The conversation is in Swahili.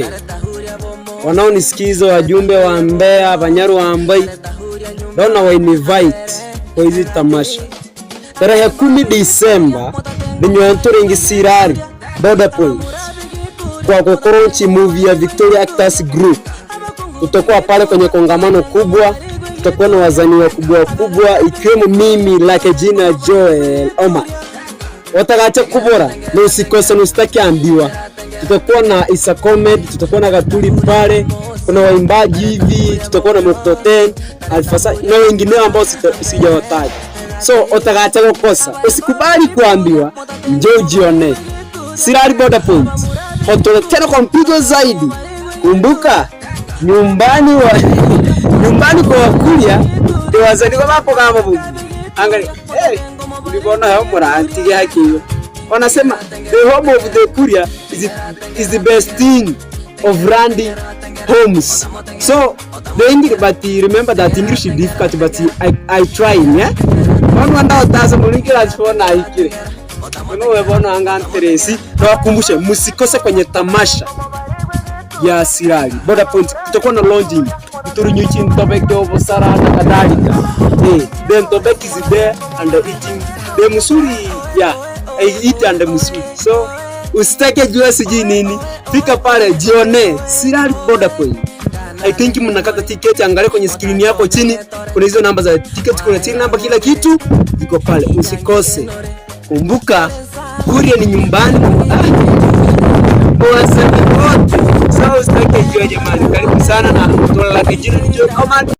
yake wanaonisikiza, wajumbe wa Mbeya, Banyaru wa Mbai, naona wa invite kwa hizi tamasha tarehe 10 Disemba ninywanturingisirari Border Point kwa kukoronchi movie ya Victoria Actors Group. Tutakuwa pale kwenye kongamano kubwa, tutakuwa na wazani wakubwa kubwa ikiwemo mimi lake jina Joel Omar. Watakache kubora, na usikose, ambiwa tutakuwa na Isa Comed, tutakuwa na Gatuli pale, kuna waimbaji hivi, tutakuwa na Moktoten, Alfasa na wengineo ambao sijawataja. So utakacha kukosa, usikubali kuambiwa, njoo ujione. Sirari Border Point, tena kwa mpigo zaidi. Kumbuka nyumbani wa nyumbani kwa wakulia ndio wazaliwa wako kama bubu. Angalia, eh, ulibona hapo mara antiga hakiyo wanasema the home of the Kuria is, is the best thing of Randy homes so the English but remember that English is difficult but I, I trying yeah one wonder utaza mulingira asifona ikire Mwenye webona anga nteresi na wakumbushe musikose kwenye tamasha ya sirali boda Point kutakuwa na launching Mturunyuchi Ntobeke ovo Sara na kadhalika eh hey, then Tobeke is there and eating the Musuri yeah eat and Msui. So usitake jua sijui nini, fika pale jione Silali Boda Point. I think mnakata tiketi, angalia kwenye skrini yako chini, kuna hizo namba za tiketi, kuna chini namba, kila kitu iko pale, usikose. Kumbuka Kuria ni nyumbani waseme ah. wote. So usitake jua jamani, karibu sana na tunalakijini jua